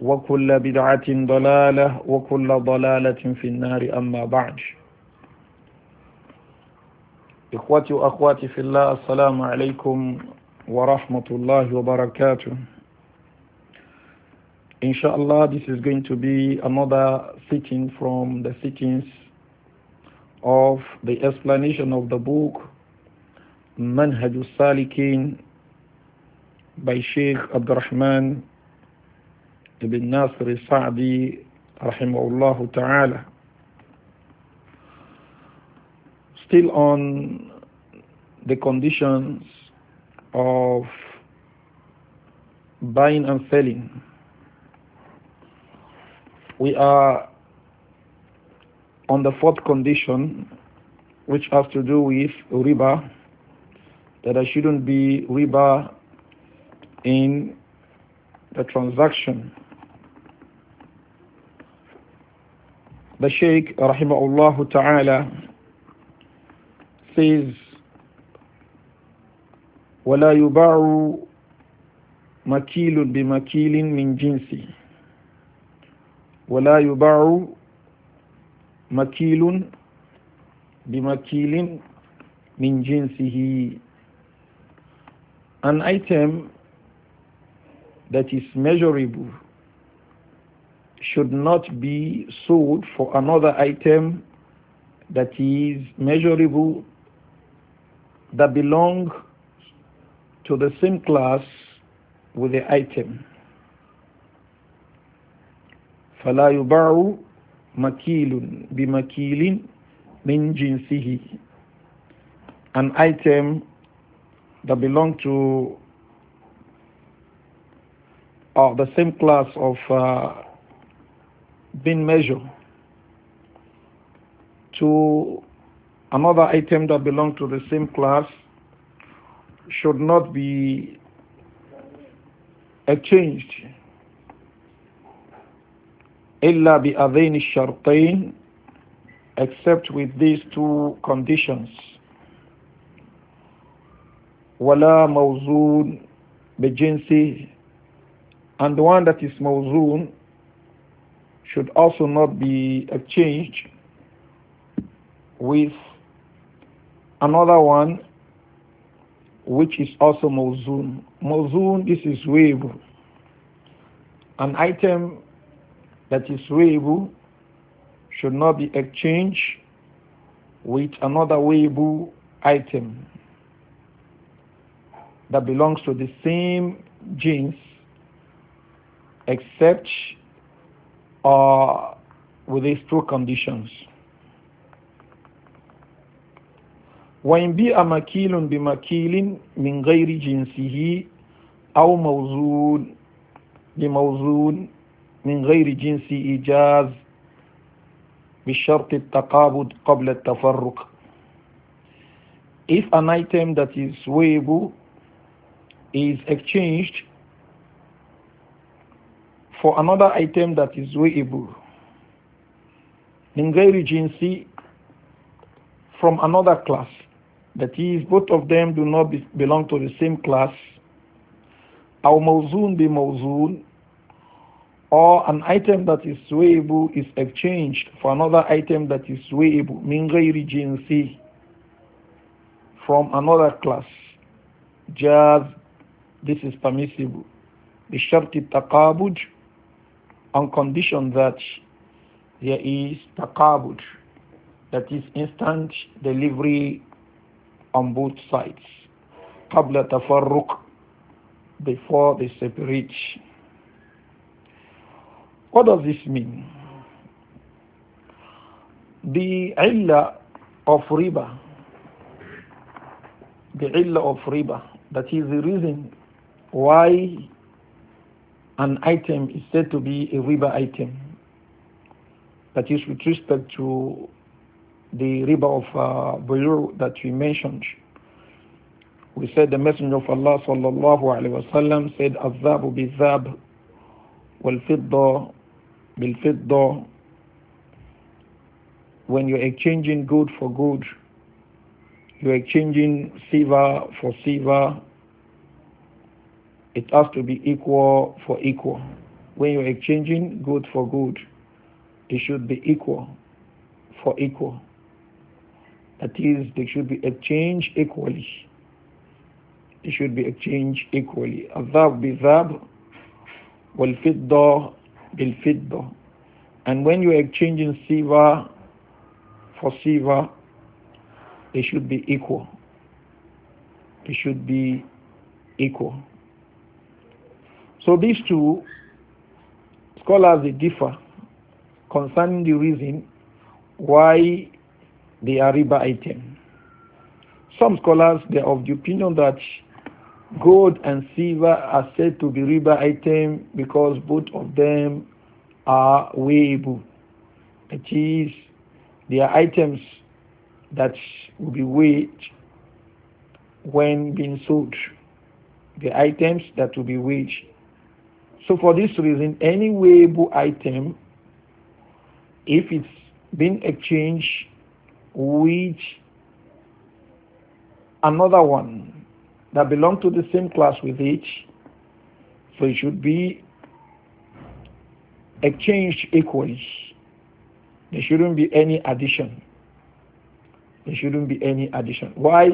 وكل بدعة ضلالة وكل ضلالة في النار أما بعد إخوتي وأخواتي في الله السلام عليكم ورحمة الله وبركاته Inshallah, this is going to be another sitting from the sittings of the explanation of the book Manhaj al-Salikin by Sheikh Abdurrahman The Nasir Sa'di rahimahullah ta'ala. Still on the conditions of buying and selling. We are on the fourth condition, which has to do with riba, that I shouldn't be riba in the transaction The Sheikh rahimahullah ta'ala, says, وَلَا يُبَاعُ مَكِيلٌ بِمَكِيلٍ مِنْ جِنْسِ وَلَا يُبَاعُ مَكِيلٌ بِمَكِيلٍ مِنْ جِنْسِهِ An item that is measurable should not be sold for another item that is measurable that belong to the same class with the item. فلا يباع مكيل بمكيل من جنسه an item that belong to uh, the same class of uh, been measured to another item that belong to the same class should not be exchanged except with these two conditions ولا موزون بجنسه and the one that is موزون should also not be exchanged with another one which is also mawzun. Mawzun, this is weighable. An item that is weighable should not be exchanged with another weighable item that belongs to the same genes except or with these two conditions. وإن بيئ مكيل بمكيل من غير جنسه أو موزون بموزون من غير جنس إيجاز بشرط التقابض قبل التفرق If an item that is weighable is exchanged for another item that is weighable Ningeri jinsi from another class that is both of them do not be, belong to the same class our mawzun bi mawzun or an item that is weighable is exchanged for another item that is weighable min jinsi from another class just this is permissible بشرط التقابج on condition that there is takabut, that is instant delivery on both sides. Qabla tafarruq, before they separate. What does this mean? The illah of riba, the illah of riba, that is the reason why an item is said to be a riba item. That is with respect to the riba of uh, that we mentioned. We said the Messenger of Allah sallallahu alaihi wasallam said, "Azabu bizab, wal fidda bil When you're exchanging good for good, you're exchanging silver for silver, it has to be equal for equal. When you're exchanging good for good, it should be equal for equal. That is, there should be exchange equally. It should be exchange equally. Azab bi zab, wal fidda bil fidda. And when you're exchanging silver for silver, it should be equal. It should be equal. So these two scholars they differ concerning the reason why they are riba item. Some scholars they are of the opinion that gold and silver are said to be riba item because both of them are weighable. That is, they are items that will be weighed when being sold. The items that will be weighed so for this reason, any weighable item, if it's been exchanged with another one that belong to the same class with it, so it should be exchanged equally. There shouldn't be any addition. There shouldn't be any addition. Why?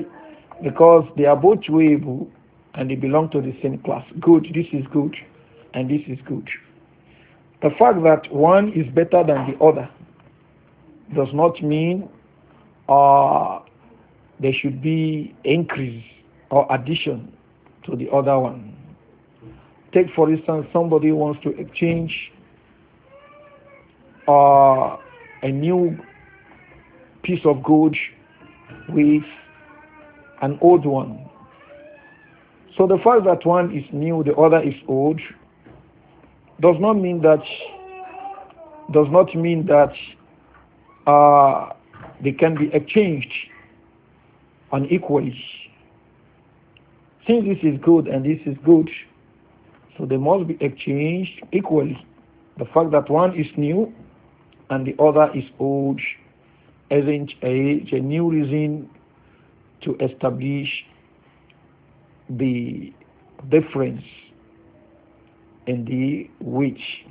Because they are both weighable and they belong to the same class. Good, this is good and this is good. The fact that one is better than the other does not mean uh, there should be increase or addition to the other one. Take for instance, somebody wants to exchange uh, a new piece of gold with an old one. So the fact that one is new, the other is old, does not mean that does not mean that uh, they can be exchanged unequally. Since this is good and this is good, so they must be exchanged equally. The fact that one is new and the other is old isn't a, a new reason to establish the difference and the witch.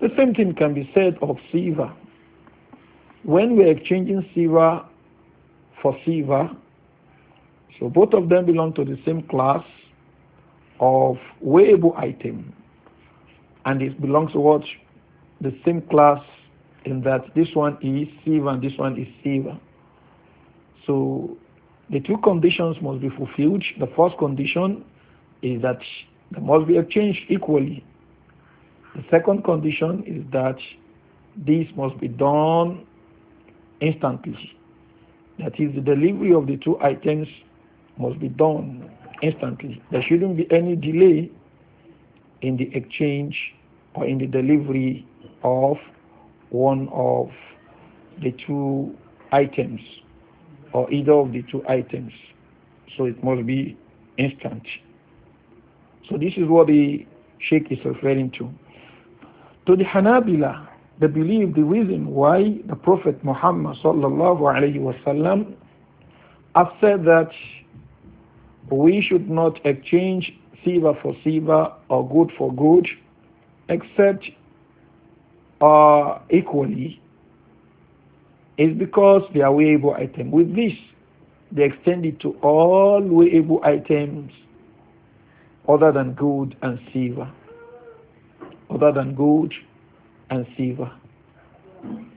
The same thing can be said of silver. When we're exchanging silver for silver, so both of them belong to the same class of weighable item. And it belongs to what? The same class in that this one is silver and this one is silver. So the two conditions must be fulfilled. The first condition is that they must be exchanged equally. The second condition is that this must be done instantly. That is, the delivery of the two items must be done instantly. There shouldn't be any delay in the exchange or in the delivery of one of the two items or either of the two items. So it must be instant. So this is what the Sheikh is referring to. To the Hanabila, they believe the reason why the Prophet Muhammad sallallahu alayhi wasallam has said that we should not exchange silver for silver or good for good except uh, equally is because they are weighable items. With this, they extend it to all weighable items other than gold and silver. Other than gold and silver.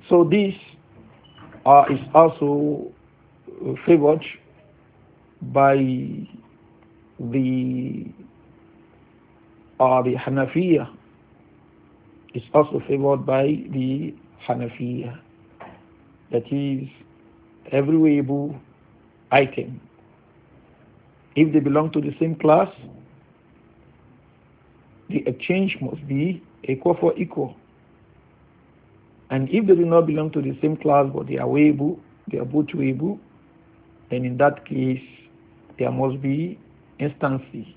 So this uh, is also uh, favored by the uh, the Hanafiya. It's also favored by the Hanafiya. That is every weighable item. If they belong to the same class, the exchange must be equal for equal. And if they do not belong to the same class but they are weighable, they are both weighable, then in that case there must be instancy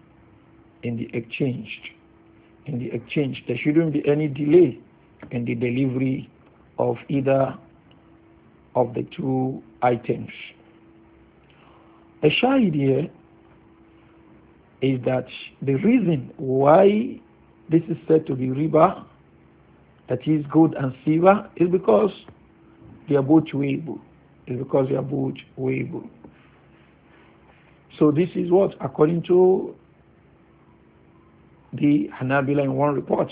in the exchange. In the exchange, there shouldn't be any delay in the delivery of either of the two items. A shahid here is that the reason why this is said to be riba, that is gold and silver, is because they are both weighable. Is because they are both weighable. So this is what, according to the Hanabila in one report,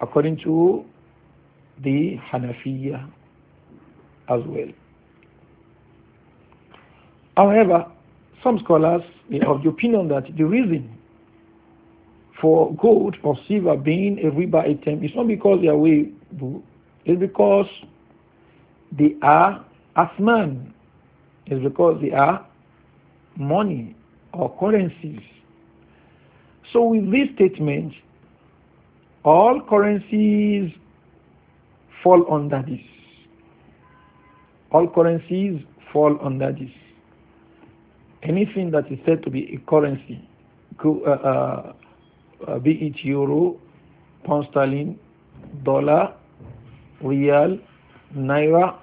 according to the Hanafiya as well. However, some scholars are of the opinion that the reason for gold or silver being a riba item is not because they are weighable, it's because they are asman, it's because they are money or currencies. So with this statement, all currencies fall under this. All currencies fall under this anything that is said to be a currency, uh, uh, uh, be it euro, pound sterling, dollar, real, naira,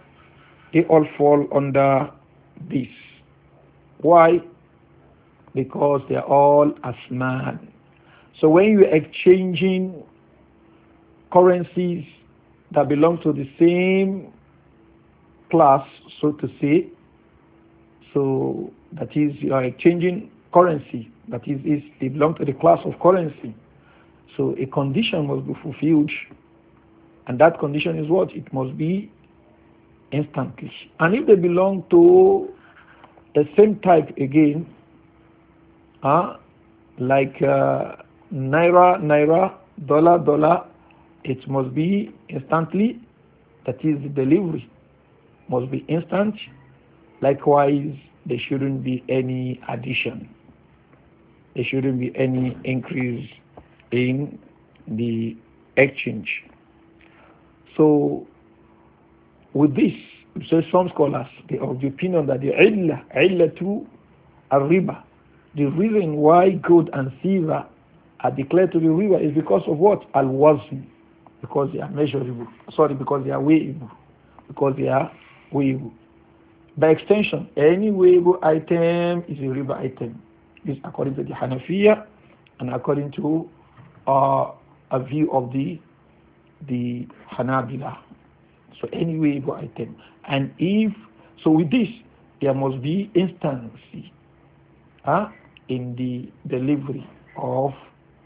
they all fall under this. Why? Because they are all asman. So when you're exchanging currencies that belong to the same class, so to say, so that is you are exchanging currency that is, is they belong to the class of currency so a condition must be fulfilled and that condition is what it must be instantly and if they belong to the same type again uh, like uh, naira naira dollar dollar it must be instantly that is the delivery must be instant likewise there shouldn't be any addition. There shouldn't be any increase in the exchange. So, with this, so some scholars they have the opinion that the illah, illah to riba, the reason why gold and silver are declared to be riba is because of what al wazn, because they are measurable. Sorry, because they are weighable, because they are weighable. By extension, any weighable item is a river item. This according to the Hanafiya and according to uh, a view of the the Hanabila. So any weighable item. And if so with this there must be instancy uh, in the delivery of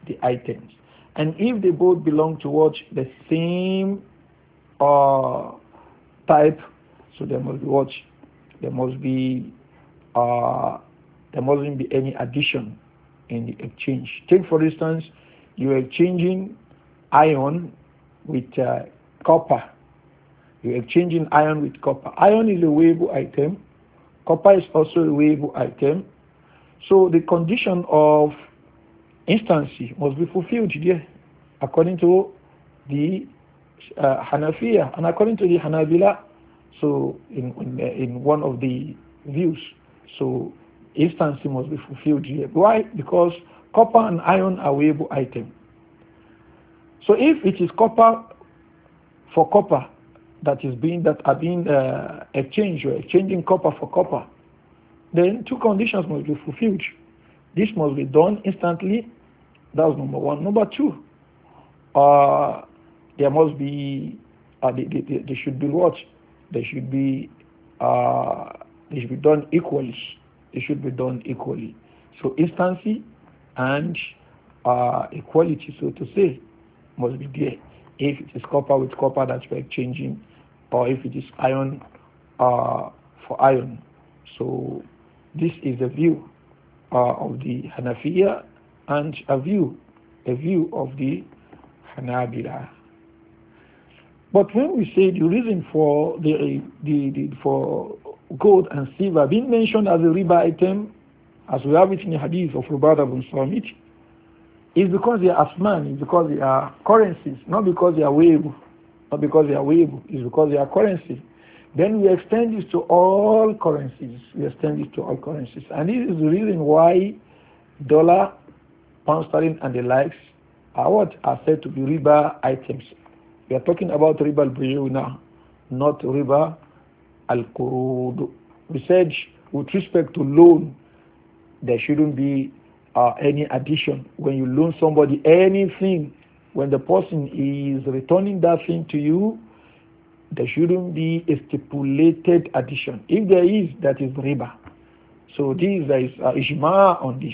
the items. And if they both belong to watch the same uh, type, so they must be watched there must be uh, there mustn't be any addition in the exchange. Take for instance, you are exchanging iron with uh, copper. You are exchanging iron with copper. Iron is a weighable item. Copper is also a weighable item. So the condition of instancy must be fulfilled here, according to the uh, Hanafiya and according to the Hanabila so in, in, uh, in one of the views, so instancy must be fulfilled here. Why? Because copper and iron are weighable item. So if it is copper for copper that is being that are being uh, exchanged or exchanging copper for copper, then two conditions must be fulfilled. This must be done instantly. That's number one. Number two, uh, there must be uh, they, they, they should be watched they should be uh, they should be done equally. They should be done equally. So instancy and uh, equality, so to say, must be there. If it is copper with copper that we're exchanging, or if it is iron uh, for iron. So this is the view uh, of the Hanafiya and a view, a view of the Hanabila. But when we say the reason for the, the, the, for gold and silver being mentioned as a riba item, as we have it in the hadith of Rubada bin Samit, is because they are asman, is because they are currencies, not because they are weighable, not because they are weighable, is because they are currencies. Then we extend this to all currencies. We extend this to all currencies, and this is the reason why dollar, pound sterling, and the likes are what are said to be riba items we are talking about riba al now, not riba al-qurud. We said with respect to loan, there shouldn't be uh, any addition. When you loan somebody anything, when the person is returning that thing to you, there shouldn't be a stipulated addition. If there is, that is riba. So this there is uh, ijma on this.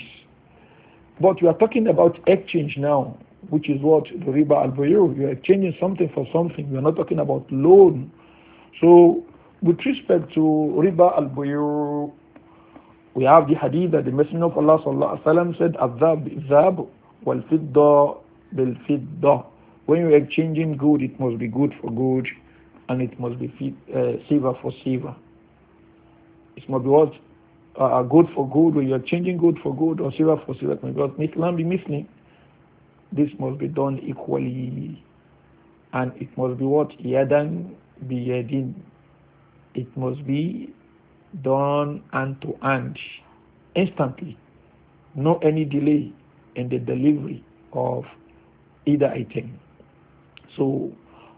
But we are talking about exchange now which is what the riba al bayur you are exchanging something for something we are not talking about loan so with respect to riba al bayur we have the hadith that the messenger of allah sallallahu alaihi wasallam said adhab zab wal fidda bil fidda when you are exchanging good it must be good for good and it must be fit, uh, silver for silver it must be what uh, uh good for good, when you're changing good for good, or silver for silver. Because Mithlan be Mithli this must be done equally and it must be what yadan bi yadin it must be done hand to hand instantly no any delay in the delivery of either item so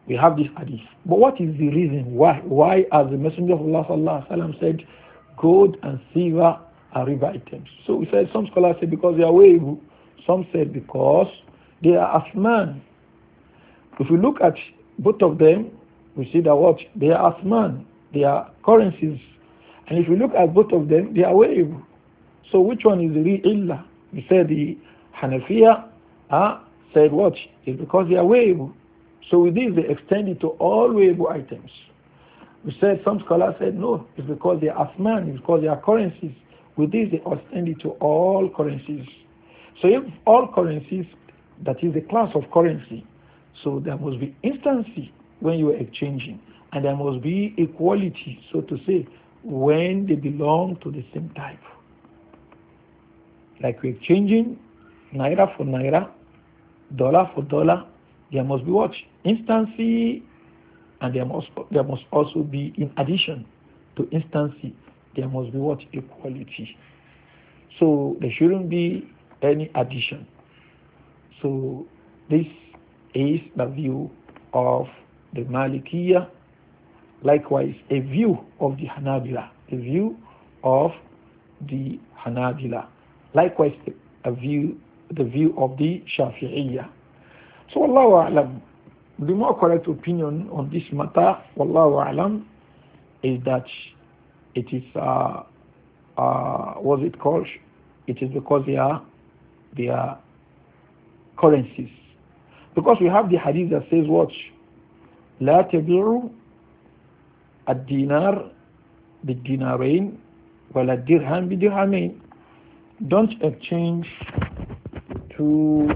we have this hadith but what is the reason why why as the messenger of allah sallallahu alaihi wasallam said gold and silver are river items so we said some scholars say because they are weighable some said because they are Asman. If we look at both of them, we see that what? They are Asman. They are currencies. And if we look at both of them, they are wave. So which one is the real illa? We said the Hanafiya uh, said what? It's because they are wave. So with this, they extend it to all wave items. We said some scholars said no, it's because they are Asman, it's because they are currencies. With this, they extend it to all currencies. So if all currencies that is the class of currency. So there must be instancy when you are exchanging, and there must be equality, so to say, when they belong to the same type. Like we're exchanging naira for naira, dollar for dollar, there must be what? Instancy, and there must, there must also be, in addition to instancy, there must be what? Equality. So there shouldn't be any addition. So this is the view of the Malikiya. Likewise, a view of the Hanabila. A view of the Hanabila. Likewise, a view, the view of the Shafi'iyya. So Allahu A'lam, the more correct opinion on this matter, Wallahu A'lam, is that it is, uh, uh, what's it called? It is because they are, they are currencies. Because we have the hadith that says, watch, لا تبيعوا الدينار بالدينارين ولا الدرهم بدرهمين Don't exchange to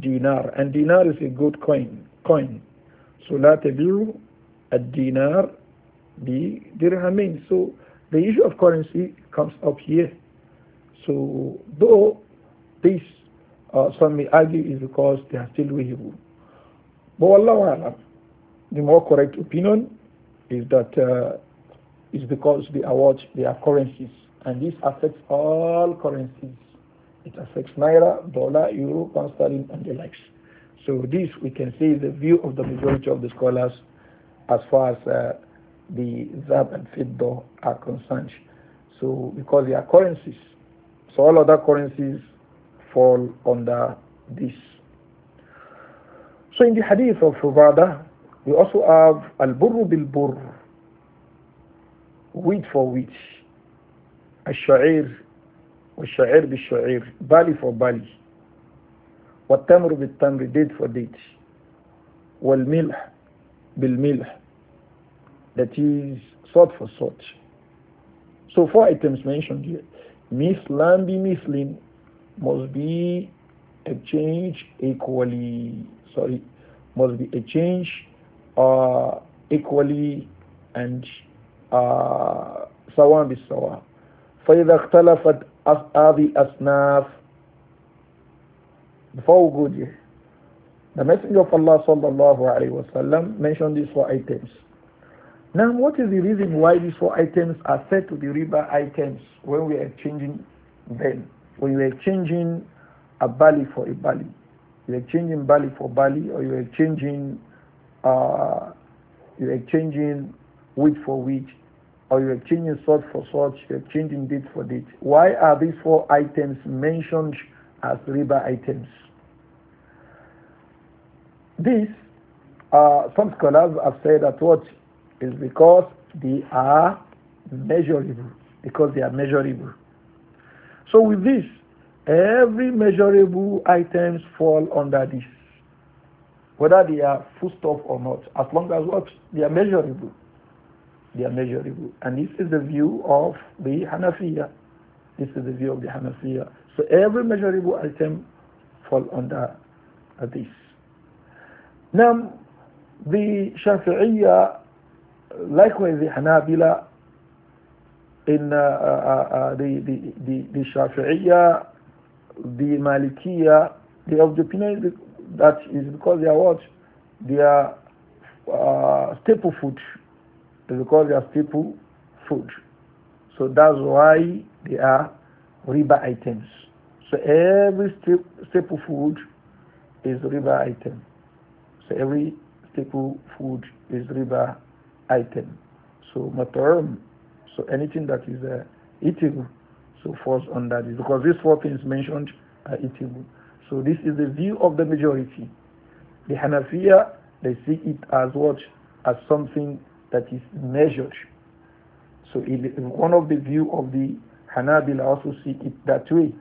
dinar. And dinar is a good coin. coin. So لا تبيعوا الدينار بدرهمين. So the issue of currency comes up here. So though this uh, some may argue is because they are still visible. But Allah the more correct opinion is that uh, it's because they are what? They are currencies. And this affects all currencies. It affects Naira, dollar, euro, pound sterling, and the likes. So this, we can say, is the view of the majority of the scholars as far as uh, the Zab and Fiddo are concerned. So because they are currencies. So all other currencies fall under this. So in the hadith of Ubadah, we also have al-burru bil-burr, wheat for wheat, al-sha'ir, والشعير بالشعير bali for bali; بالي bil tamri, date for date bil milh, that is salt for salt so four items mentioned here bil بمثل must be exchanged equally. Sorry, must be exchanged uh, equally and uh, سواء بالسواء. فإذا اختلفت هذه الأصناف before we go there, the Messenger of Allah sallallahu alaihi wasallam mentioned these four items. Now, what is the reason why these four items are said to be riba items when we are changing them? When you are changing a bali for a bali, you are changing bali for bali, or you are changing uh, you are changing wheat for wheat, or you are changing salt for salt, you are changing date for date. Why are these four items mentioned as riba items? This, uh, some scholars have said that what is because they are measurable, because they are measurable. So with this, every measurable items fall under this, whether they are foodstuff or not, as long as what they are measurable. They are measurable. And this is the view of the Hanafiya. This is the view of the Hanafiya. So every measurable item fall under this. Now, the Shafi'iyya, likewise the Hanabila, in uh, uh, the, the, the, the Shafi'iyya, the Malikiyya, they have the opinion that is because they are what? They are uh, staple food. It's because they are staple food. So that's why they are riba items. So every staple food is riba item. So every staple food is riba item. So matarum so anything that is uh, eatable so falls under this because these four things mentioned are eatable. So this is the view of the majority. The Hanafiya they see it as what as something that is measured. So it, one of the view of the Hanabila also see it that way.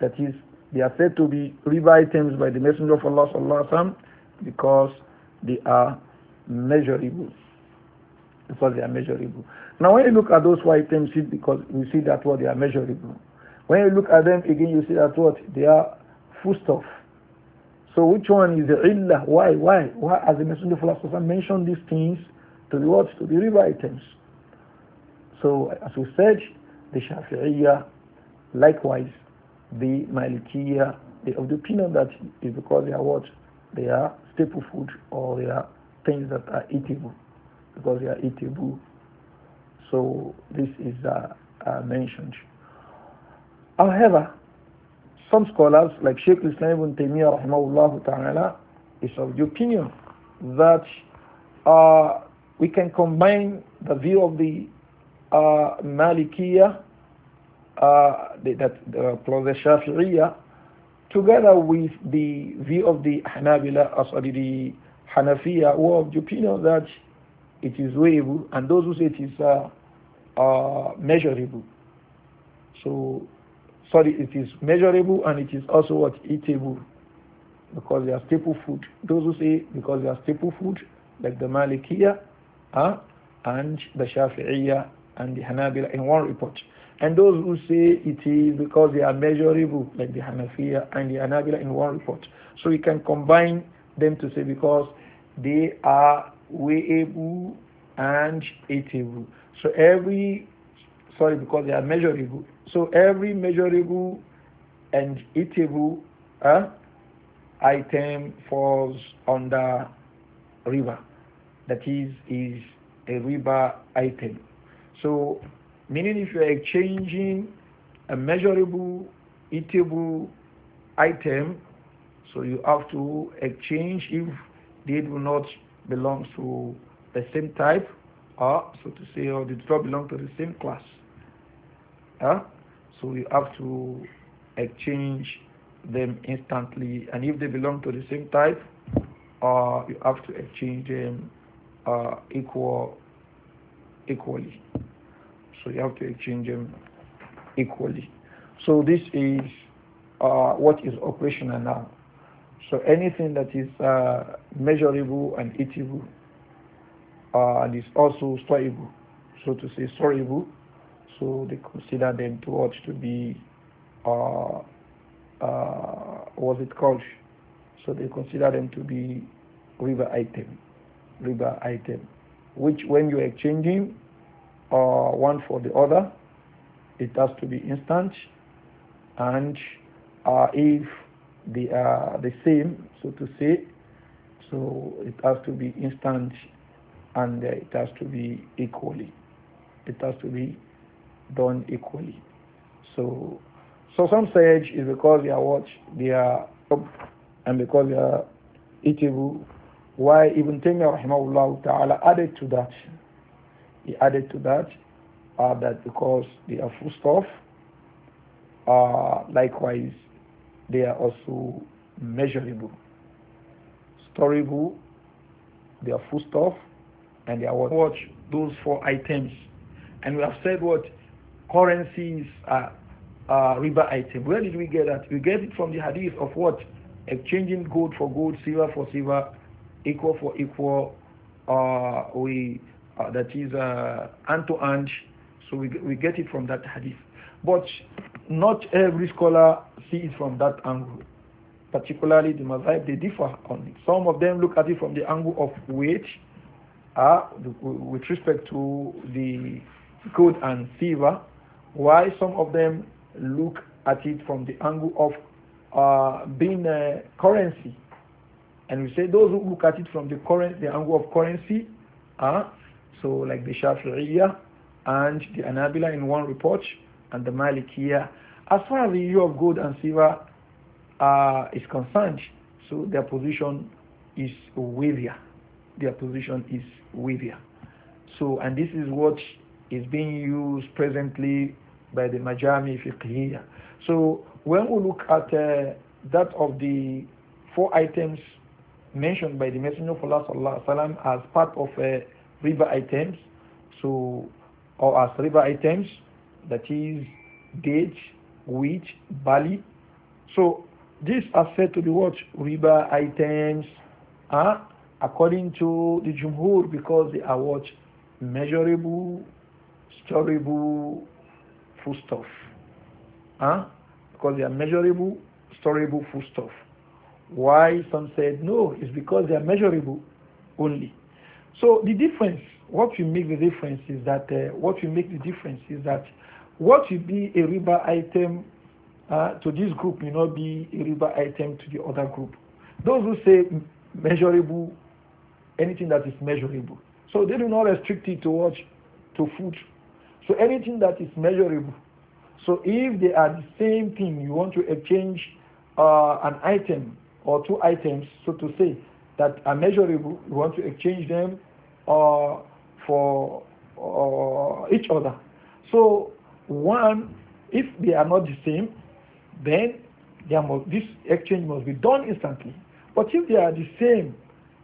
That is, they are said to be riba items by the Messenger of Allah sallallahu alaihi wasallam because they are measurable. Because they are measurable. Now, when you look at those white MCs, because you see that what they are measurable. When you look at them again, you see that what they are foodstuff. So which one is the illah? Why? Why? Why as the Messenger of Allah mentioned these things to the what? To the river items. So as we said, the Shafi'iyah, likewise, the Malikiyah, they of the opinion that is because they are what? They are staple food or they are things that are eatable. Because they are eatable, so this is mentioned. However, some scholars like Sheikh Islam ibn Taymiyyah rahmahullah ta'ala is of the opinion that uh, we can combine the view of the uh, Malikiyah uh, that uh, the Shafi'iyah together with the view of the Hanabila or the Hanafiya who of the opinion that it is wayable and those who say it is uh, are measurable. So, sorry, it is measurable and it is also what eatable because they are staple food. Those who say because they are staple food, like the Malikiya huh, and the Shafi'iyya and the Hanabila in one report. And those who say it is because they are measurable, like the Hanafiya and the Hanabila in one report. So we can combine them to say because they are weighable and eatable. So every, sorry, because they are measurable. So every measurable and eatable uh, item falls under river. That is, is a river item. So meaning if you are exchanging a measurable, eatable item, so you have to exchange if they do not belong to the same type or ah, so to say, or they do not belong to the same class. Huh? Ah, so you have to exchange them instantly, and if they belong to the same type, uh, you have to exchange them uh, equal equally. So you have to exchange them equally. So this is uh, what is operational now. So anything that is uh, measurable and eatable uh, and it's also storable, so to say storable. So they consider them to watch to be uh, uh, was it called? So they consider them to be river item, river item, which when you're exchanging uh, one for the other, it has to be instant, and uh, if they are the same, so to say, so it has to be instant and uh, it has to be equally. It has to be done equally. So, so some sage is because they are watch, they are, and because they are eatable. Why Ibn Taymiyyah rahimahullah ta'ala added to that? He added to that uh, that because they are foodstuff, uh, likewise they are also measurable, storable, they are foodstuff, and they are what? Those four items. And we have said what? Currencies are uh, riba item. Where did we get that? We get it from the hadith of what? Exchanging gold for gold, silver for silver, equal for equal. Uh, we uh, that is uh, hand to hand. So we we get it from that hadith. But not every scholar sees it from that angle. Particularly the Mazhab, they differ on it. Some of them look at it from the angle of weight uh, with respect to the gold and silver, why some of them look at it from the angle of uh, being a currency. And we say those who look at it from the current, the angle of currency, uh, so like the Shafi'iyah and the Anabila in one report, and the malikiya, As far as the issue of gold and silver uh, is concerned, so their position is wavier their position is wavier. So, and this is what is being used presently by the Majami Fiqhiyya. So, when we look at uh, that of the four items mentioned by the Messenger of Allah sallallahu alaihi wasallam as part of uh, items, so or as river items, that is date, wheat, barley. So these are said to be what river items, huh? according to the Jumhur because they are what? Measurable, storable foodstuff. Huh? Because they are measurable, storable foodstuff. Why some said no, it's because they are measurable only. So the difference, what you make the difference is that, uh, what you make the difference is that what will be a riba item uh, to this group may not be a riba item to the other group. Those who say measurable anything that is measurable. So they do not restrict it to To food. So anything that is measurable. So if they are the same thing, you want to exchange uh, an item or two items, so to say, that are measurable, you want to exchange them uh, for uh, each other. So one, if they are not the same, then must, this exchange must be done instantly. But if they are the same,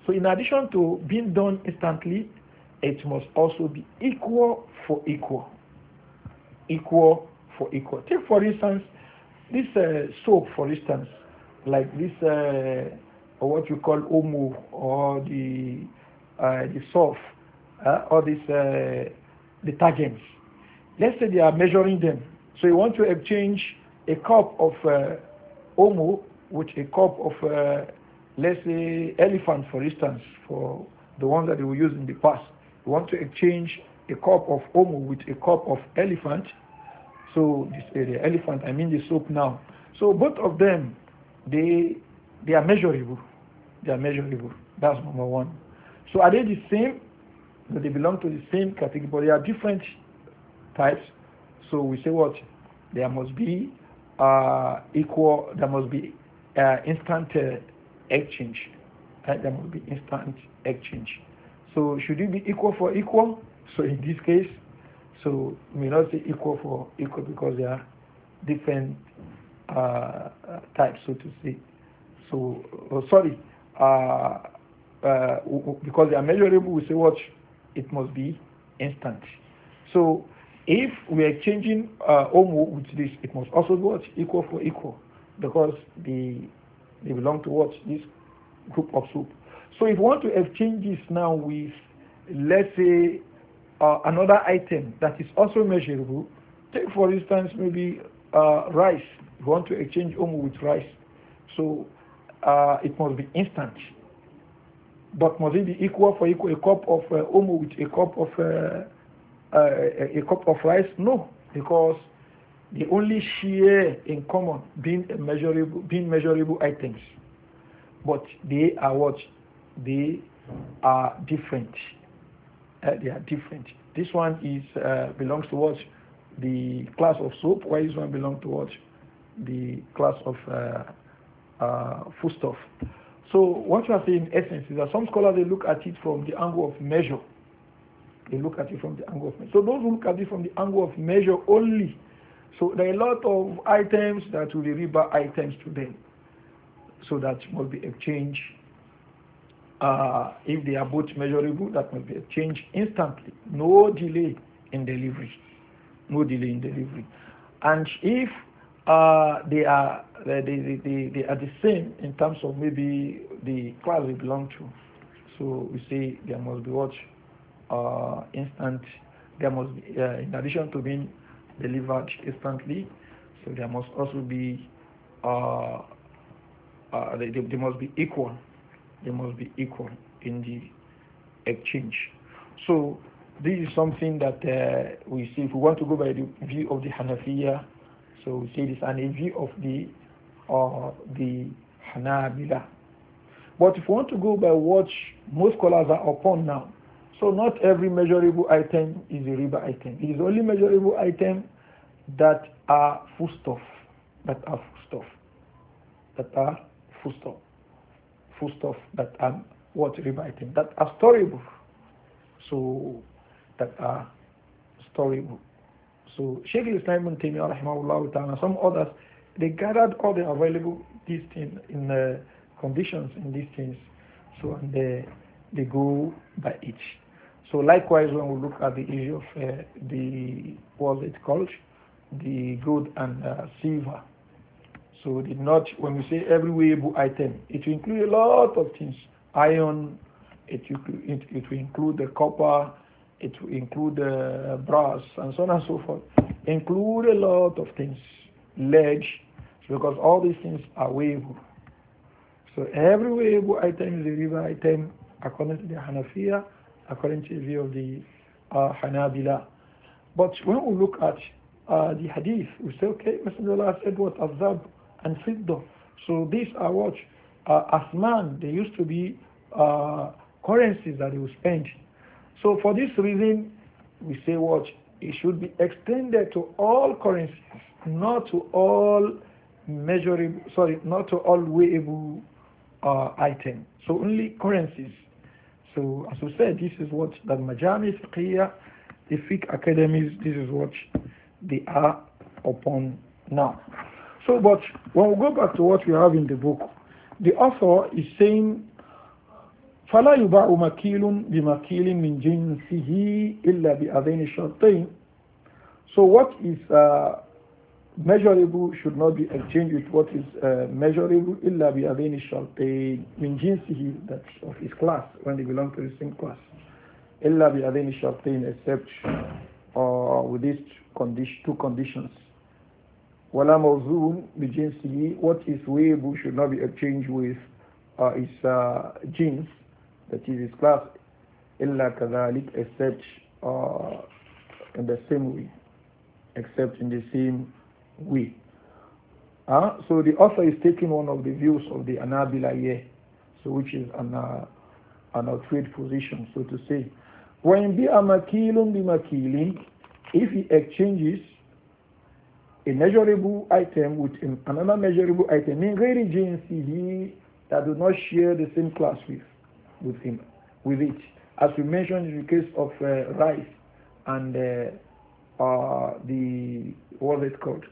so in addition to being done instantly, it must also be equal for equal. Equal for equal. Take for instance, this uh, soap for instance, like this uh, what you call omo or the uh, the soft uh, or this uh, detergents. Let's say they are measuring them. So you want to exchange a cup of uh, omo with a cup of uh, let's say elephant for instance for the ones that we used in the past you want to exchange a cup of omo with a cup of elephant so this area elephant i mean the soap now so both of them they they are measurable they are measurable that's number one so are they the same do they belong to the same category but they are different types so we say what there must be uh, equal there must be uh, instant uh, exchange. and There must be instant exchange. So should it be equal for equal? So in this case, so we not say equal for equal because they are different uh, types, so to say. So oh, sorry, uh, uh, because they are measurable, we say what it must be instant. So if we are changing uh, omo with this, it must also be what equal for equal because the they belong to what? This group of soup. So if you want to exchange this now with, let's say, uh, another item that is also measurable, take for instance maybe uh, rice. If you want to exchange omo with rice, so uh, it must be instant. But must it be equal for equal a cup of uh, omo with a cup of uh, uh, a cup of rice? No, because they only share in common being measurable, being measurable items, but they are what they are different. Uh, they are different. This one is uh, belongs to what the class of soap, Why this one belongs to what the class of uh, uh, foodstuff. So what you are saying in essence is that some scholars they look at it from the angle of measure. They look at it from the angle of measure. So those who look at it from the angle of measure only, so there are a lot of items that will be riba items to them. So that must be exchanged. Uh, if they are both measurable, that must be exchanged instantly. No delay in delivery. No delay in delivery. And if uh, they are they, they, they, they, are the same in terms of maybe the class they belong to. So we say there must be what uh, instant. There must be, uh, in addition to being delivered instantly. So there must also be, uh, uh, they, they must be equal. They must be equal in the exchange. So this is something that uh, we see. If we want to go by the view of the Hanafiya, so we say this and a view of the uh, the Hanabila. But if we want to go by what most scholars are upon now, so not every measurable item is a riba item. It is only measurable item that are foodstuff, that are foodstuff, that are foodstuff, foodstuff that are what riba item, that are storable. So that are storable. So Sheikh Islam ibn Taymiyyah rahimahullah some others, they gathered all the available these things in the conditions in these things. So and they, they go by each. So likewise, when we look at the issue of uh, the what's it called, the gold and uh, silver. So did not when we say every weighable item, it will include a lot of things: iron, it will, it, it will include the copper, it will include the brass, and so on and so forth. Include a lot of things, lead, because all these things are weighable. So every weighable item is a river item according to the Hanafiya according to the view of the uh, Hanabila. But when we look at uh, the hadith, we say, okay, Messenger said what? Azab and Fidda. So these are what? Uh, Asman, they used to be uh, currencies that they would spend. So for this reason, we say what? It should be extended to all currencies, not to all measurable, sorry, not to all weighable uh, item. So only currencies so as I said, this is what the Majami Fiqhiyya, the fiqh academies, this is what they are upon now. So but when we go back to what we have in the book, the author is saying فلا يباع مكيل بمكيل من جنسه إلا بأذين الشرطين So what is uh, measurable should not be exchanged with what is uh, measurable illa bi adini shartain min jinsihi that of his class when they belong to the same class illa bi adini shartain except uh, with these condition, two conditions wala mawzuun bi jinsihi what is weighable should not be exchanged with uh, his uh, genes that is his class illa kadhalik except uh, in the same way except in the same we, Uh, so the author is taking one of the views of the Anabila here, so which is an, uh, an outweighed position, so to say. When bi amakilun bi makilin, if he exchanges a measurable item with another measurable item, in very jinsihi, that do not share the same class with, with him, with it. As we mentioned in the case of uh, rice and uh, uh, the, what is it called?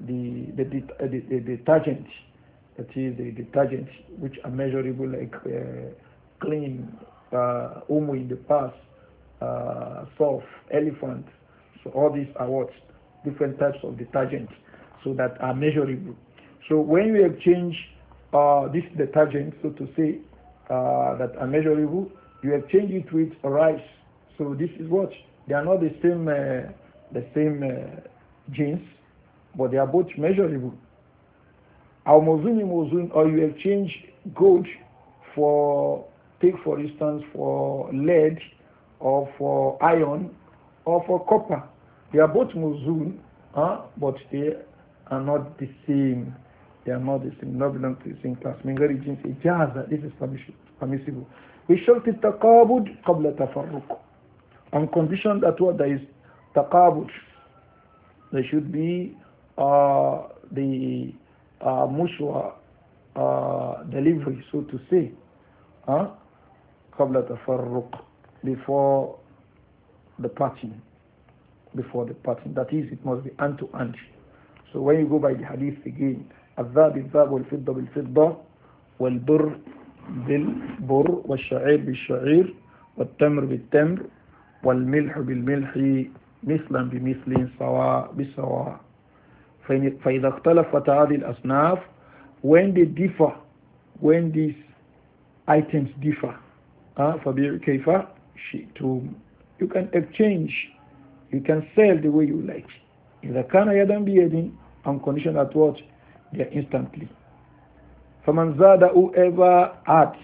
the, the, uh, the, the detergent, that is the detergent which are measurable like uh, clean, uh, Omo in the past, uh, Surf, Elephant. So all these are what? Different types of detergent so that are measurable. So when you exchange uh, this detergent, so to say, uh, that are measurable, you exchange it with rice. So this is what? They are not the same, uh, the same uh, genes, but they are both measurable. Al muzun muzun, or you exchange gold for, take for instance, for lead or for iron or for copper. They are both muzun, huh? but they are not the same. They are not the same. Not belong to the same class. Mingari Jin say, Jaza, this is permissible. We shall take taqabud qabla tafarruq. On condition that what there is taqabud. There should be the uh, mushwa uh, delivery, so to say, huh? before the parting, before the parting. That is, it must be hand to hand. So when you go by the hadith again, الذهب الذهب والفضة بالفضة والبر بالبر والشعير بالشعير والتمر بالتمر والملح بالملح مثلا بمثل سواء بسواء فإذا اختلفت هذه الأصناف when they differ when these items differ uh, فبيع كيف شئتم you can exchange you can sell the way you like إذا كان يدا بيد on condition that what they instantly فمن زاد whoever adds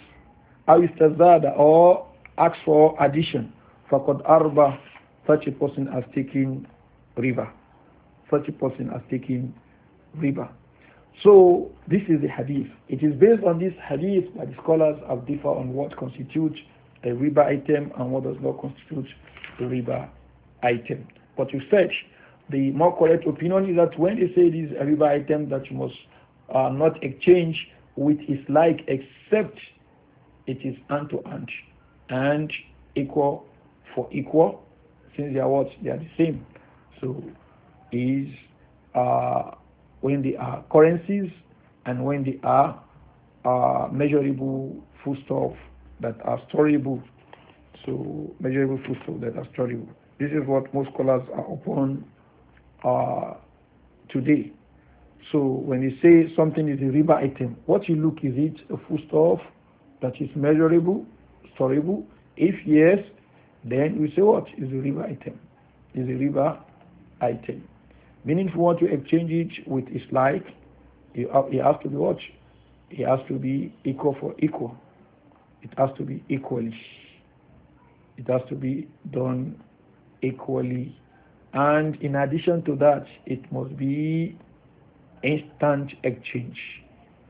أو استزاد or asks for addition فقد أربى such a person as taking river such a person taking riba. So this is the hadith. It is based on this hadith that the scholars have differ on what constitutes a riba item and what does not constitute a riba item. But you search, the more correct opinion is that when they say this a riba item that you must uh, not exchange with its like except it is hand to hand and equal for equal since they are what? They are the same. So is uh, when they are uh, currencies and when they are uh, uh, measurable foodstuff that are storable. So measurable foodstuff that are storable. This is what most scholars are upon uh, today. So when you say something is a riba item, what you look is it a foodstuff that is measurable, storable? If yes, then we say what is a riba item? Is a riba item. Meaning if you want to exchange it with his like, it, it has to be what? It has to be equal for equal. It has to be equally. It has to be done equally. And in addition to that, it must be instant exchange.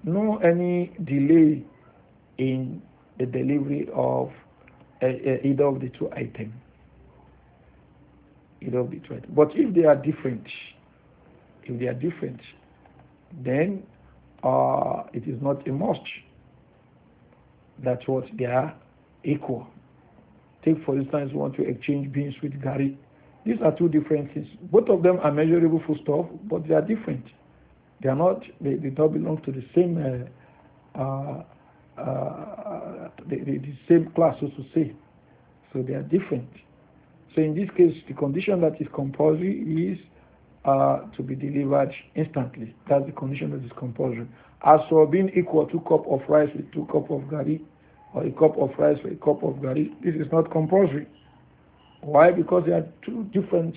No any delay in the delivery of uh, uh, either of the two items. Either of the two items. But if they are different, if they are different, then uh, it is not a must that what they are equal. Take for instance, want to exchange beans with garlic. These are two different things. Both of them are measurable for stuff, but they are different. They are not. They, they don't belong to the same. Uh, uh, uh, the, the, the, same class, so to say. So they are different. So in this case, the condition that is compulsory is to be delivered instantly. That's the condition of this compulsion. As for being equal to cup of rice with two cup of gari, or a cup of rice with a cup of gari, this is not compulsory. Why? Because they are two different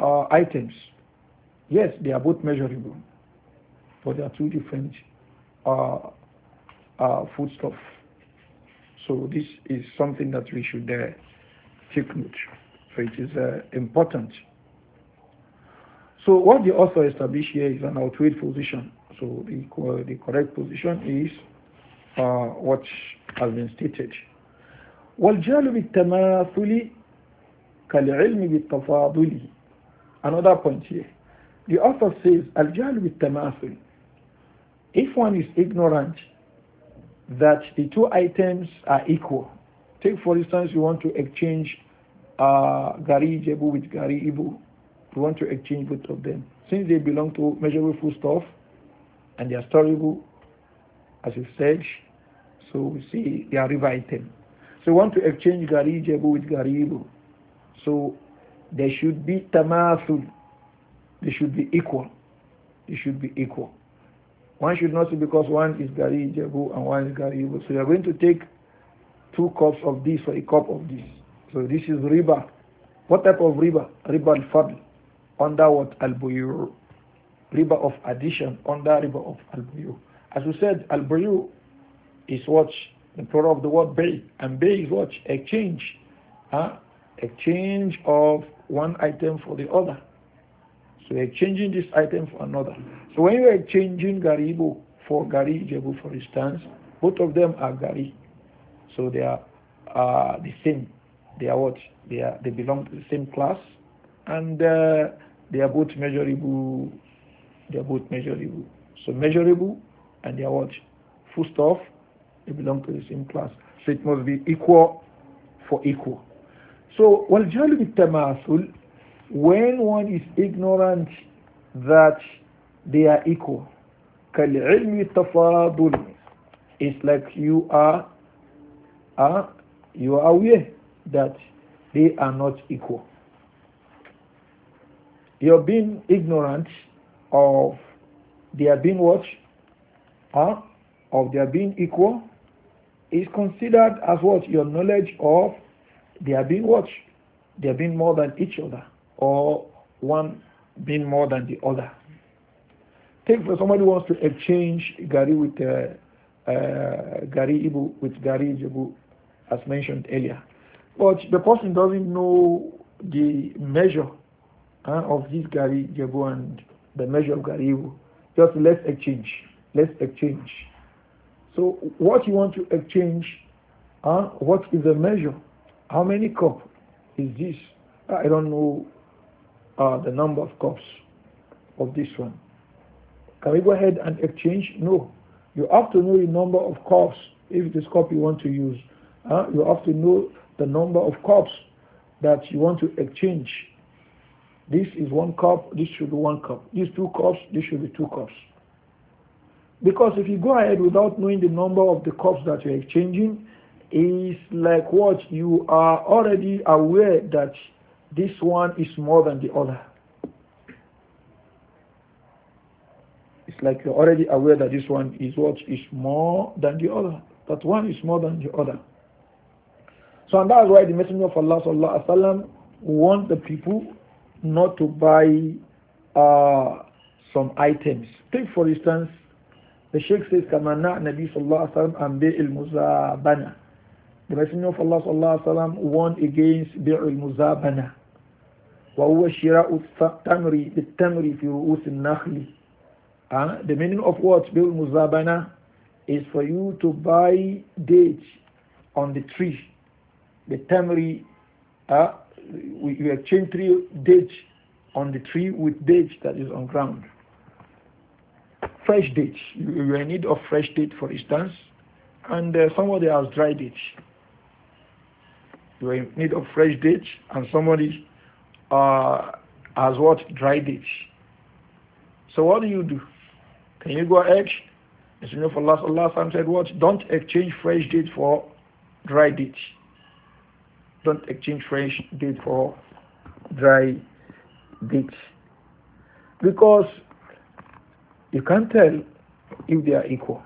uh, items. Yes, they are both measurable, but they are two different uh, uh, foodstuff. So this is something that we should uh, take note. So it is uh, important so what the author established here is an outweighed position. So the, the correct position is uh, what has been stated. والجهل بالتماثل كالعلم بالتفاضل Another point here. The author says, الجهل بالتماثل If one is ignorant that the two items are equal, take for instance you want to exchange uh, gari jebu with gari ibu we want to exchange both of them. Since they belong to measurable foodstuff and they are storable, as you said, so we see they are river So we want to exchange gari jebu with garibu. So there should be tamathul. They should be equal. They should be equal. One should not say because one is gari jebu and one is garibu. So you are going to take two cups of this or a cup of this. So this is riba. What type of riba? Riba al-fadl under what al-buyu river of addition under river of al as we said al is what the plural of the word bay and bay is what exchange huh? exchange of one item for the other so you're exchanging this item for another so when you're exchanging garibo for gari jebu for instance both of them are gari so they are uh, the same they are what they are they belong to the same class and uh, they are both measurable. They are both measurable. So measurable and their what? Full stuff, they belong to the same class. So it must be equal for equal. So When one is ignorant that they are equal, كَالْعِلْمِ تَفَاضُلِ It's like you are, are, ah, you are aware that they are not equal. You're being ignorant of their being what? Huh? Of their being equal is considered as what? Your knowledge of their being what? Their being more than each other or one being more than the other. Take for somebody wants to exchange Gari with uh, uh, Gari Ibu with Gari Jebu as mentioned earlier. But the person doesn't know the measure uh, of this Gari Jebu and the measure of Garibu. Just let's exchange. Let's exchange. So what you want to exchange, uh, what is the measure? How many cup is this? I don't know uh, the number of cups of this one. Can we go ahead and exchange? No. You have to know the number of cups if it is cup you want to use. Uh, you have to know the number of cups that you want to exchange this is one cup, this should be one cup. These two cups, this should be two cups. Because if you go ahead without knowing the number of the cups that you're exchanging, it's like what you are already aware that this one is more than the other. It's like you're already aware that this one is what is more than the other. That one is more than the other. So and that's why the Messenger of Allah sallallahu alaihi wasallam warned the people not to buy uh, some items. Take for instance, the Sheikh says, "Kamana Nabi sallallahu alaihi wasallam and muzabana." The Messenger of Allah sallallahu alaihi warned against bi'il muzabana. وهو شراء التمر بالتمر في رؤوس النخل uh, the meaning of what bil muzabana is for you to buy dates on the tree the tamri uh, ah, we, we exchange three dates on the tree with dates that is on ground. Fresh dates. You, you are in need of fresh date, for instance, and uh, somebody has dry dates. You are in need of fresh dates, and somebody uh, has what? Dry dates. So what do you do? Can you go ahead? The for last, last, Allah said what? Don't exchange fresh dates for dry dates don't exchange fresh date for dry date. Because you can't tell if they are equal.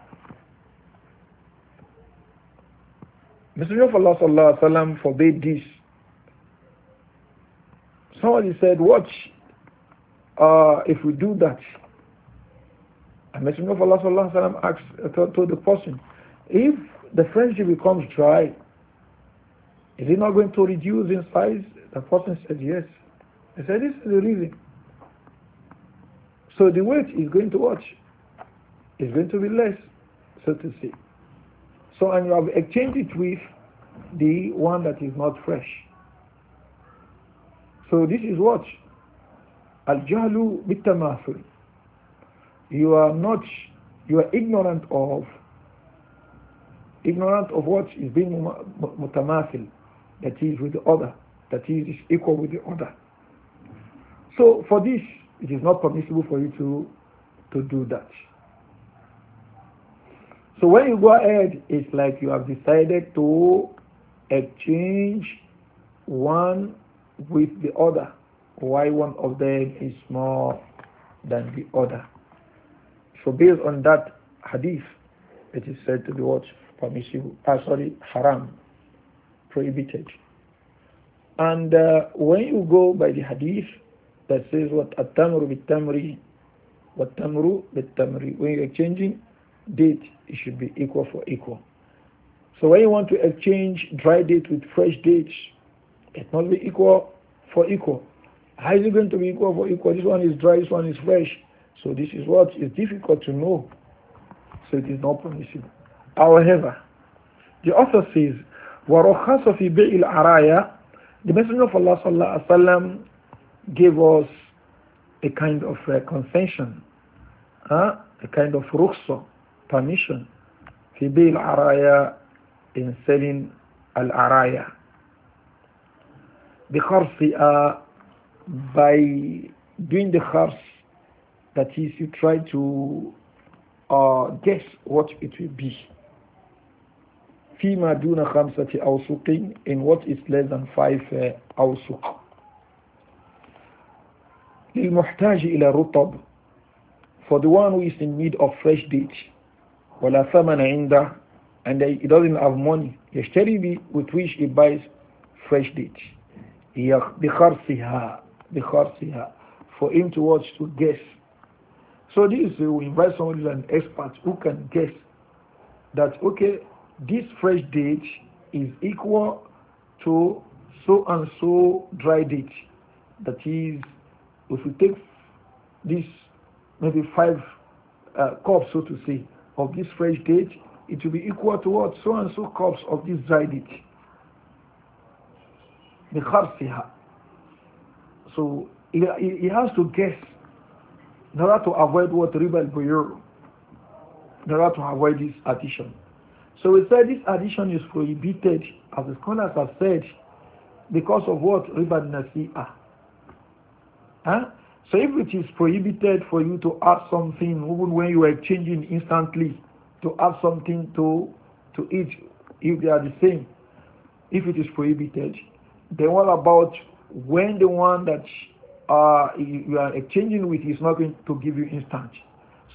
Messenger of Allah sallallahu alaihi wasallam forbade this. Somebody said, "Watch, uh, if we do that." And Messenger of Allah sallallahu alaihi wasallam asked uh, told the person, "If the friendship becomes dry, is it not going to reduce in size? The Prophet said, Yes. I said, This is the reason. So the weight is going to watch. It's going to be less, so to say. So, and you have exchanged it with the one that is not fresh. So this is what? Al-jahlu bitamathul. You are not, you are ignorant of, ignorant of what is being mutamathil that is with the other, that is equal with the other. So for this, it is not permissible for you to, to do that. So when you go ahead, it's like you have decided to exchange one with the other. Why one of them is more than the other. So based on that hadith, it is said to be what? Permissible. Ah, sorry, haram prohibited. And uh, when you go by the hadith that says what atamru bitamri, what tamru bitamri, when you're exchanging date, it should be equal for equal. So when you want to exchange dry date with fresh date, it must be equal for equal. How is it going to be equal for equal? This one is dry, this one is fresh. So this is what is difficult to know. So it is not permissible. However, the author says وَرَخَصَ فِي بِعِ الْعَرَايَا The Messenger of Allah sallallahu alaihi wasallam gave us a kind of uh, concession, huh? a kind of rukhsa, permission, في بيع العرايا in selling al-araya. بخرصها uh, by doing the khars, that is you try to uh, guess what it will be. فيما دون خمسة أوسق in what is less than five uh, أوسق للمحتاج إلى رطب for the one who is in need of fresh dates ولا ثمن عنده and he doesn't have money يشتري به with which he buys fresh dates بخرصها بخرصها for him to watch to guess so this uh, we invite someone who is an expert who can guess that okay this fresh date is equal to so and so dry date. That is, if we take this maybe five uh, cups, so to say, of this fresh date, it will be equal to what? So and so cups of this dry date. So he, he, has to guess in order to avoid what riba in order to avoid this addition. So we said this addition is prohibited, as the scholars have said, because of what? Riba nasi'ah. Huh? So if it is prohibited for you to add something, even when you are exchanging instantly, to add something to, to each, if they are the same, if it is prohibited, then what about when the one that uh, you are exchanging with is not going to give you instant?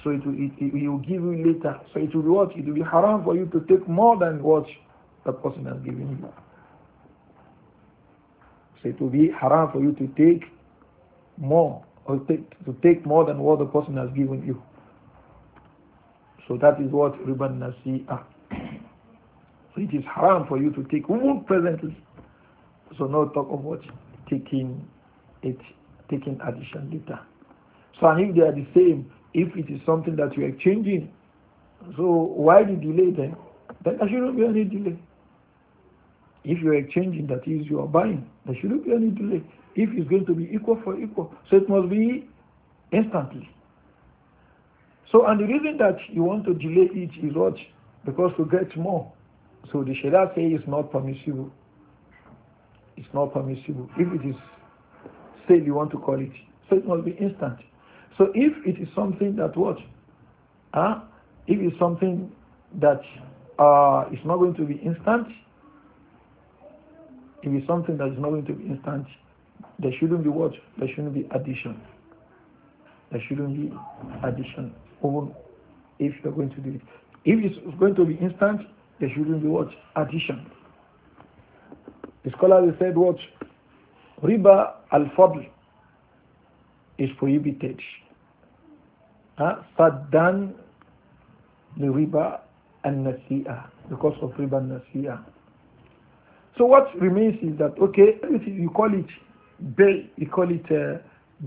So it will, it, it will give you later. So it will be what? It will be haram for you to take more than what the person has given you. So it will be haram for you to take more or take, to take more than what the person has given you. So that is what riba nasi'ah. So it is haram for you to take even present. So no talk of what taking it, taking addition later. So and if they are the same, if it is something that you are changing. So why the delay then? Then there shouldn't be any delay. If you are changing that is, you are buying, there shouldn't be any delay. If it's going to be equal for equal, so it must be instantly. So, and the reason that you want to delay it is what? Because to get more. So the Sharia say it's not permissible. It's not permissible. If it is sale, you want to call it. So it must be instant. So if it is something that what? Huh? If it's something that uh, is not going to be instant, if it's something that is not going to be instant, there shouldn't be what? There shouldn't be addition. There shouldn't be addition, even if you're going to do it. If it's going to be instant, there shouldn't be what? Addition. The scholar said what? Riba al-fadl is prohibited. صدا لربا النسيئة because of riba nasiya. So what remains is that okay, you call it bay, you call it uh,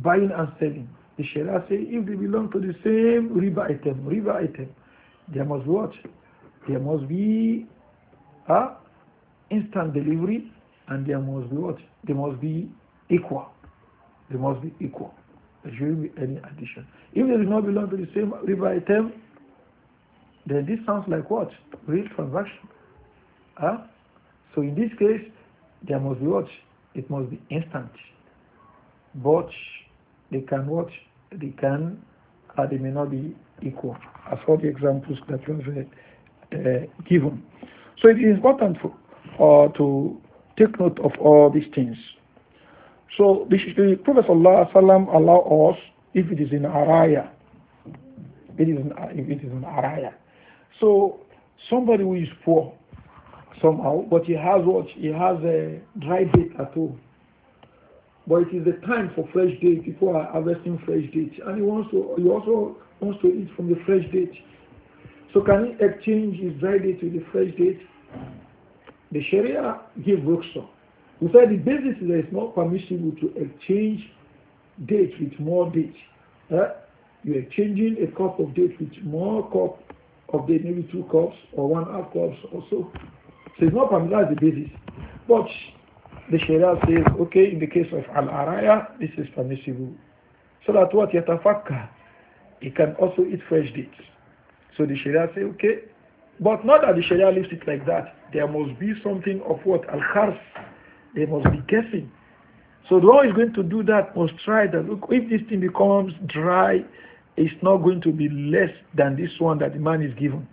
buying and selling. The Sharia say if they belong to the same riba item, riba item, there must what? There must be uh, instant delivery and there must be what? There must be equal. There must be equal. There shouldn't be any addition. If they do not belong to the same river item, then this sounds like what? Real transaction. Huh? So in this case, there must be what? It must be instant. But they can watch, they can, but they may not be equal. As all the examples that you have uh, given. So it is important for, uh, to take note of all these things. So the Prophet sallallahu alaihi wasallam allow us if it is in araya. It is in, uh, if it is in araya. So somebody who is poor somehow, but he has what he has a dry date at home. But it is the time for fresh date. People are harvesting fresh dates, and he wants to. He also wants to eat from the fresh date. So can he exchange his dry date with the fresh date? The Sharia gives rukhsah we said the basis is that it's not permissible to exchange date with more date. Eh? You are changing a cup of date with more cup of date, maybe two cups or one half cups or so. So it's not permissible as the basis. But the Sharia says, okay, in the case of Al-Araya, this is permissible. So that what yatafaka, he can also eat fresh dates. So the Sharia says, okay, but not that the Sharia leaves it like that. There must be something of what? al kharf. They must be guessing. So the one is going to do that must try that. Look, if this thing becomes dry, it's not going to be less than this one that the man is given.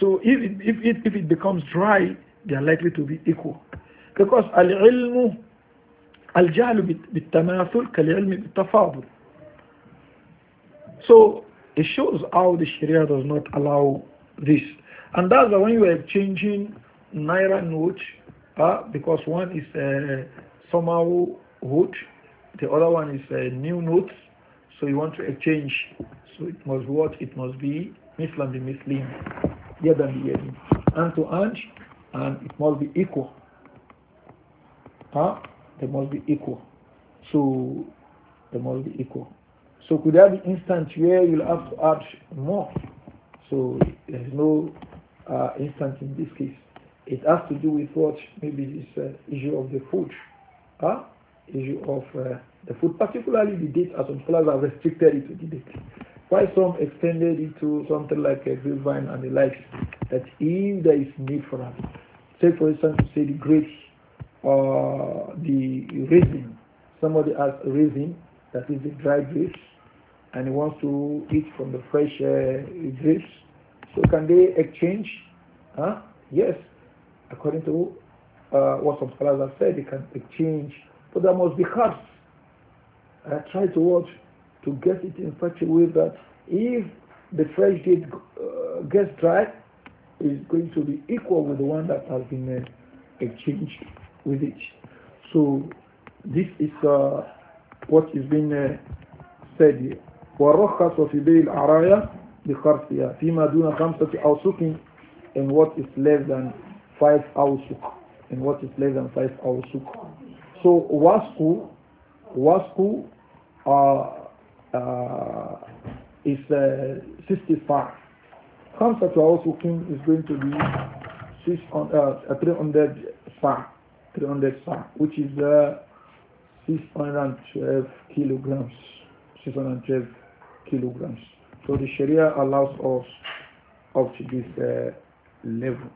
So if it, if it, if it becomes dry, they are likely to be equal. Because al-ilmu al-jahlu bit-tamathul kal-ilmi bit-tafadul. So it shows how the Sharia does not allow this. And that's why when you are changing naira notes uh, because one is uh, somehow wood, the other one is uh, new note, so you want to exchange. So it must what? It must be Muslim be Muslim, Yadan be hand to hand, and it must be equal. Huh? They must be equal. So they must be equal. So could there be instant where you'll have to add more? So there's no uh, in this case. It has to do with what maybe this uh, issue of the food, huh? issue of uh, the food, particularly the date, as some scholars have restricted it to the date. Why some extended it to something like a grapevine and the likes, that if there is need for us, say for instance, say the grapes or uh, the raisin, somebody has a raisin, that is the dried grapes, and he wants to eat from the fresh uh, grapes, so can they exchange? Huh? Yes, according to uh, what some scholars have said, it can exchange, but there must be hearts. I try to watch to get it in such a way that if the fresh date uh, gets dry, is going to be equal with the one that has been uh, exchanged with it. So this is uh, what is being uh, said here. ورخص في بيع العرايا بخرصها فيما دون خمسة أوسق in what is less than five hours and what is less than five hours. So wasku, wasku uh, uh, is uh, 65. Khamsa to awsukin is going to be six on, uh, uh 300 300 which is uh, 612 kilograms. 612 kilograms. So the Sharia allows us up to this uh, level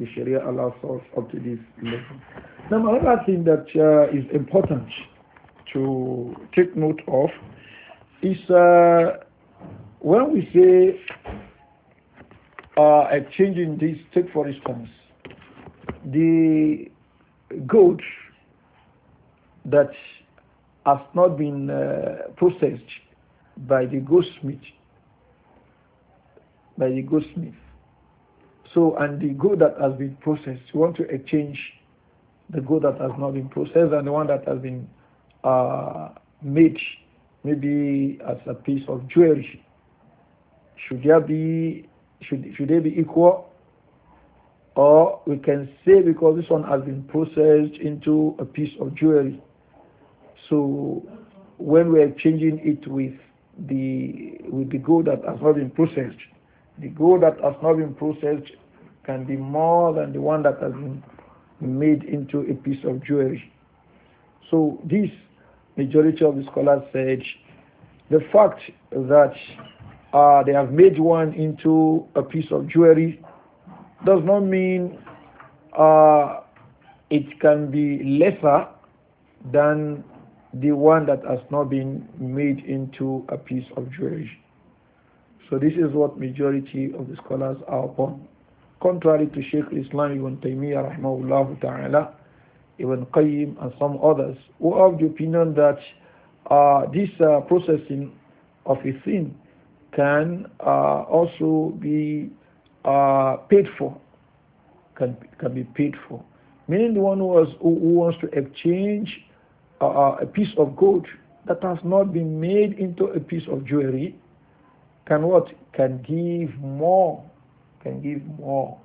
the Sharia allows us up to this level. Now, another thing that uh, is important to take note of is uh, when we say uh, in this, take for instance, the goat that has not been uh, processed by the goldsmith, by the goldsmith, so, and the gold that has been processed, you want to exchange the gold that has not been processed and the one that has been uh, made, maybe as a piece of jewelry. Should there be, should, should they be equal? Or we can say because this one has been processed into a piece of jewelry. So when we are changing it with the with the gold that has not been processed, the gold that has not been processed can be more than the one that has been made into a piece of jewelry. So this majority of the scholars said the fact that uh, they have made one into a piece of jewelry does not mean uh, it can be lesser than the one that has not been made into a piece of jewelry. So this is what majority of the scholars are upon. Contrary to Sheikh Islam Ibn Taymiyyah rahimahullah ta'ala, Ibn Qayyim and some others who have the opinion that uh, this uh, processing of a thing can uh, also be uh, paid for, can, can be paid for. Meaning the one who, has, who wants to exchange uh, uh, a piece of gold that has not been made into a piece of jewelry can what? Can give more can give more,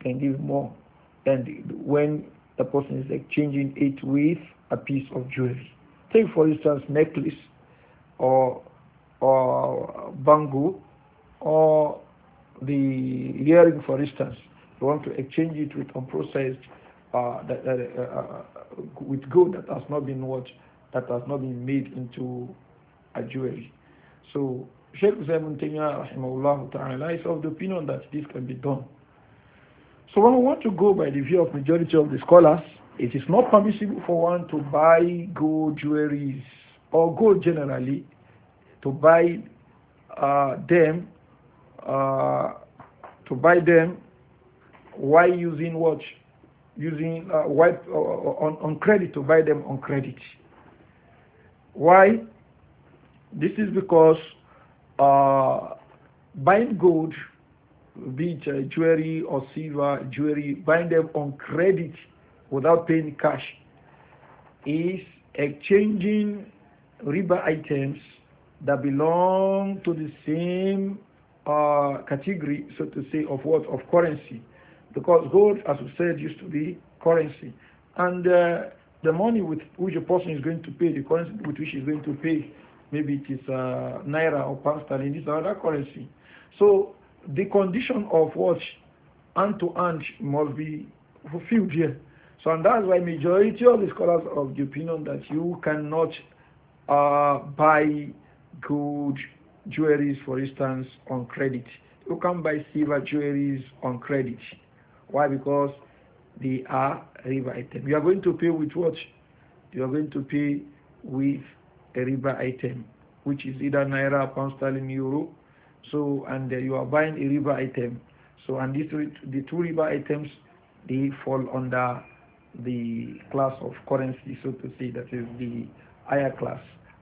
can give more than when the person is exchanging it with a piece of jewelry. Take for instance necklace or or bangle or the earring for instance. You want to exchange it with unprocessed uh, that, that, uh, uh with gold that has not been what that has not been made into a jewelry. So Sheikh Ibn Taymiyyah rahimahullah ta'ala is of the opinion that this can be done. So when we want to go by the view of majority of the scholars, it is not permissible for one to buy gold jewelry or gold generally, to buy uh, them, uh, to buy them while using watch, using uh, uh, uh, on, on credit to buy them on credit. Why? This is because uh, buying gold, be it uh, jewelry or silver jewelry, buying them on credit without paying cash is exchanging riba items that belong to the same uh, category, so to say, of what? Of currency. Because gold, as we said, used to be currency. And uh, the money with which a person is going to pay, the currency with which he's going to pay, maybe it is uh, naira or pound sterling, this other currency. So the condition of what hand to hand must be fulfilled here. So and that's why majority of the scholars of the opinion that you cannot uh, buy gold jewelries, for instance, on credit. You can buy silver jewelries on credit. Why? Because they are river item. You are going to pay with what? You are going to pay with a riba item, which is either naira, pound sterling, euro. So, and uh, you are buying a riba item. So, and this the two riba items, they fall under the class of currency, so to say, that is the higher class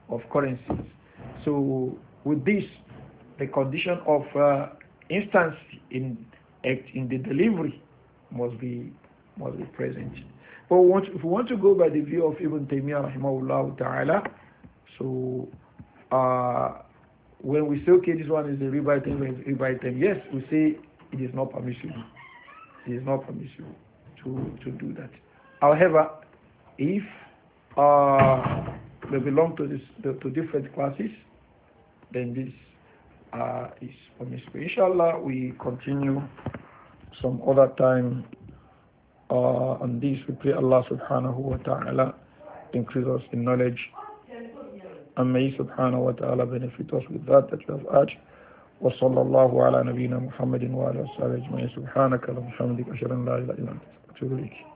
of currencies. So, with this, the condition of uh, instance in in the delivery must be must be present. But if we want to go by the view of Ibn Taymiyyah rahimahullah ta'ala, so uh, when we say, okay, this one is a riba item, riba item, yes, we say it is not permissible. It is not permissible to, to do that. However, if uh, they belong to, this, to different classes, then this uh, is permissible. Inshallah, we continue some other time uh, on this. We pray Allah subhanahu wa ta'ala increase us in knowledge. And may subhanahu wa ta'ala benefit us with that that have urged. وصلى الله على نبينا محمد وعلى اله وصحبه اجمعين سبحانك اللهم وبحمدك اشهد ان لا اله الا انت استغفرك